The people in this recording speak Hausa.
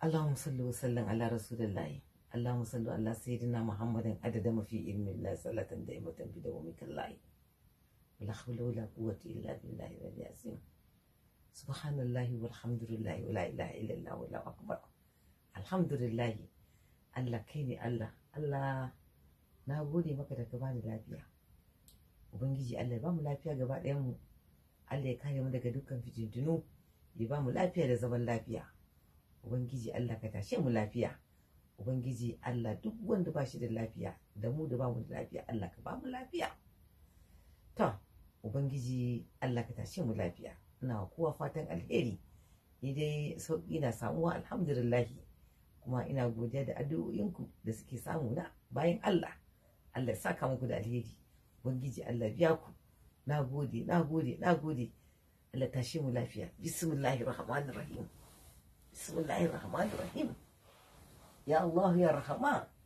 Allahumma salli wa sallam ala rasulillahi Allahumma salli ala sayyidina Muhammadin adada mafi ilmi Allah salatan da imatan bi dawami kallahi wala hawla wala quwwata illa billahi wal yasin subhanallahi walhamdulillahi wala ilaha illallah wala akbar alhamdulillahi Allah kaini Allah Allah na gode maka da ka bani lafiya ubangiji Allah ba mu lafiya gaba ɗayan mu Allah ya kare mu daga dukkan fitintunu ya ba mu lafiya da zaman lafiya ubangiji Allah ka tashe mu lafiya ubangiji Allah duk wanda ba shi da lafiya da mu da ba mu da lafiya Allah ka ba mu lafiya to ubangiji Allah ka tashe mu lafiya ina kowa fatan alheri ni dai sauki na samuwa alhamdulillahi kuma ina godiya da addu'o'inku da suke samu na bayan Allah Allah ya saka muku da alheri ubangiji Allah biya ku na gode na gode na gode Allah tashe mu lafiya bismillahir rahmanir بسم الله الرحمن الرحيم يا الله يا رحمن